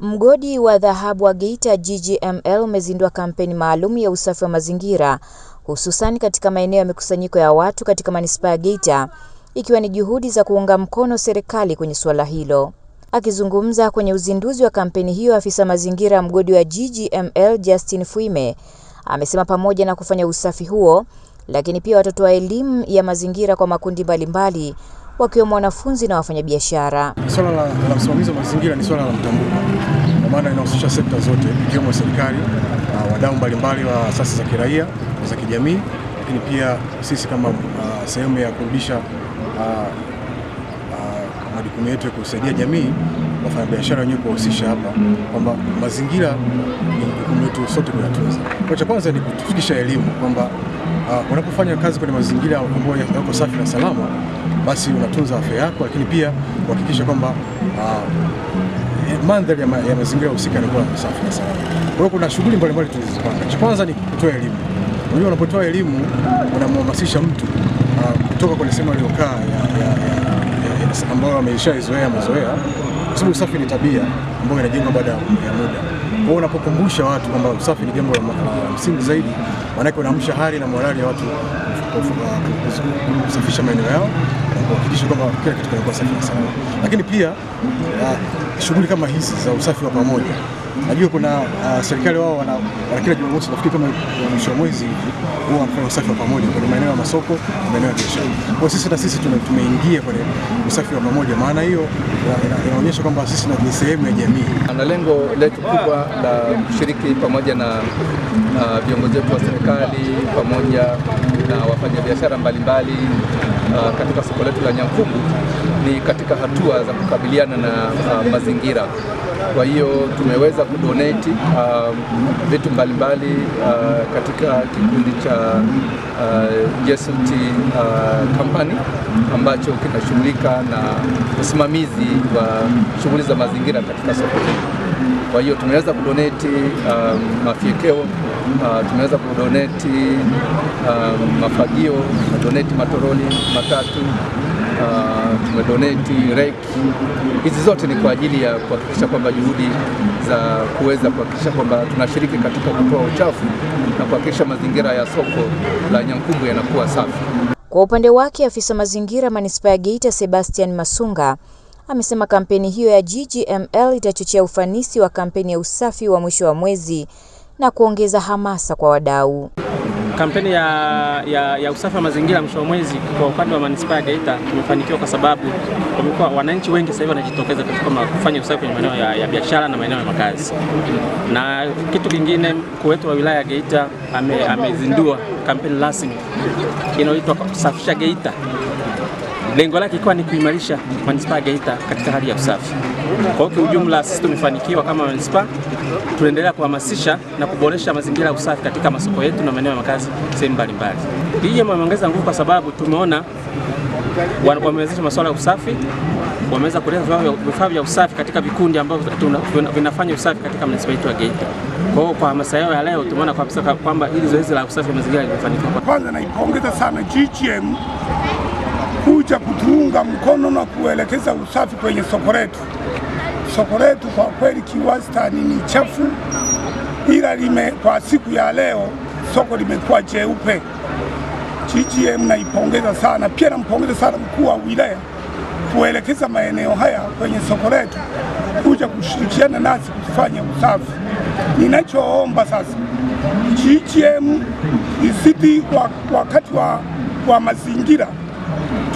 Mgodi wa dhahabu wa Geita GGML umezindua kampeni maalum ya usafi wa mazingira hususan katika maeneo ya mikusanyiko ya watu katika manispaa ya Geita ikiwa ni juhudi za kuunga mkono serikali kwenye suala hilo. Akizungumza kwenye uzinduzi wa kampeni hiyo, afisa mazingira ya mgodi wa GGML Justin Fuime amesema pamoja na kufanya usafi huo, lakini pia watatoa elimu ya mazingira kwa makundi mbalimbali wakiwemo wanafunzi na wafanyabiashara. Swala la, la usimamizi wa mazingira ni swala la mtambuka, kwa maana inahusisha sekta zote ikiwemo serikali, wadau mbalimbali wa asasi za kiraia na za kijamii, lakini pia sisi kama uh, sehemu ya kurudisha uh, uh, majukumu yetu ya kusaidia jamii, wafanyabiashara wenyewe kuwahusisha hapa kwamba mazingira majukumu yetu sote kuyatunza. Kwa cha kwanza ni kutufikisha elimu kwamba ah, unapofanya kazi kwenye mazingira ambayo yako safi na salama, basi unatunza afya yako, lakini pia kuhakikisha kwamba uh, mandhari ya, ma, ya mazingira husika yanakuwa safi na salama. Kwa hiyo kuna shughuli mbalimbali tulizopanga. Cha kwanza ni kutoa elimu. Unajua, unapotoa elimu unamhamasisha mtu uh, kutoka kwenye sehemu aliyokaa ambayo ameishaizoea mazoea kwa sababu usafi ni tabia ambayo inajengwa baada ya muda. Kwa hiyo unapokumbusha watu kwamba usafi ni jambo la msingi zaidi, maanake unaamsha hali na morali ya watu kusafisha maeneo yao na kuhakikisha kwamba kila kitu kinakuwa safi na salama. Lakini pia uh, shughuli kama hizi za usafi wa pamoja Najua kuna uh, serikali wao wana kila Jumamosi nafikiri kama mwisho wa mwezi huwa wanafanya usafi wa pamoja kwenye maeneo ya masoko na maeneo ya biashara. Kwa sisi na sisi tumeingia kwenye usafi wa pamoja, maana hiyo uh, inaonyesha kwamba sisi ni sehemu ya jamii, na lengo letu kubwa la kushiriki pamoja na viongozi wetu wa serikali pamoja na wafanyabiashara mbalimbali uh, katika soko letu la Nyankumbu ni katika hatua za kukabiliana na uh, mazingira kwa hiyo tumeweza kudonate um, vitu mbalimbali uh, katika kikundi cha uh, uh, Company ambacho kinashughulika na usimamizi wa shughuli za mazingira katika soko hili. Kwa hiyo tumeweza kudoneti um, mafiekeo uh, tumeweza kudoneti um, mafagio, doneti matoroli matatu uh, tumedoneti rek. Hizi zote ni kwa ajili ya kuhakikisha kwamba juhudi za kuweza kuhakikisha kwamba tunashiriki katika kutoa uchafu na kuhakikisha mazingira ya soko la Nyankumbu yanakuwa safi. Kwa upande wake, afisa mazingira manispaa ya Geita Sebastian Masunga amesema kampeni hiyo ya GGML itachochea ufanisi wa kampeni ya usafi wa mwisho wa mwezi na kuongeza hamasa kwa wadau. Kampeni ya, ya, ya usafi wa mazingira mwisho wa mwezi kwa upande wa manispaa ya Geita tumefanikiwa kwa sababu wamekuwa wananchi wengi sasa hivi wanajitokeza katika kufanya usafi kwenye maeneo ya, ya biashara na maeneo ya makazi. Na kitu kingine, mkuu wetu wa wilaya ya Geita amezindua ame kampeni rasmi inayoitwa Safisha Geita lengo lake ikiwa ni kuimarisha manispaa ya Geita katika hali ya usafi. Kwa hiyo kiujumla, sisi tumefanikiwa kama manispaa, tunaendelea kuhamasisha na kuboresha mazingira ya usafi katika masoko yetu na maeneo ya makazi sehemu mbalimbali. Hii wameongeza nguvu kwa sababu tumeona wamewezesha masuala ya usafi, wameweza kuleta vifaa vya usafi katika vikundi ambavyo vinafanya usafi katika manispaa yetu ya Geita. Kwa hiyo kwa hamasa yao ya leo tumeona kabisa kwamba hili zoezi la usafi wa mazingira limefanikiwa. Kwanza naipongeza sana GGM kuja kutuunga mkono na kuelekeza usafi kwenye soko letu. Soko letu kwa kweli kiwastani ni chafu, ila lime, kwa siku ya leo soko limekuwa jeupe. GGM naipongeza sana, pia nampongeza sana mkuu wa wilaya kuelekeza maeneo haya kwenye soko letu kuja kushirikiana nasi kufanya usafi. Ninachoomba sasa GGM isiti wakati wa, wa mazingira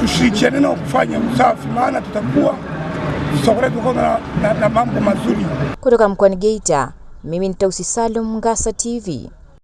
tushirikiane nao kufanya usafi, maana tutakuwa soko letu na, na, na mambo mazuri. Kutoka mkoani Geita, mimi ni Tausi Salum, Ngasa TV.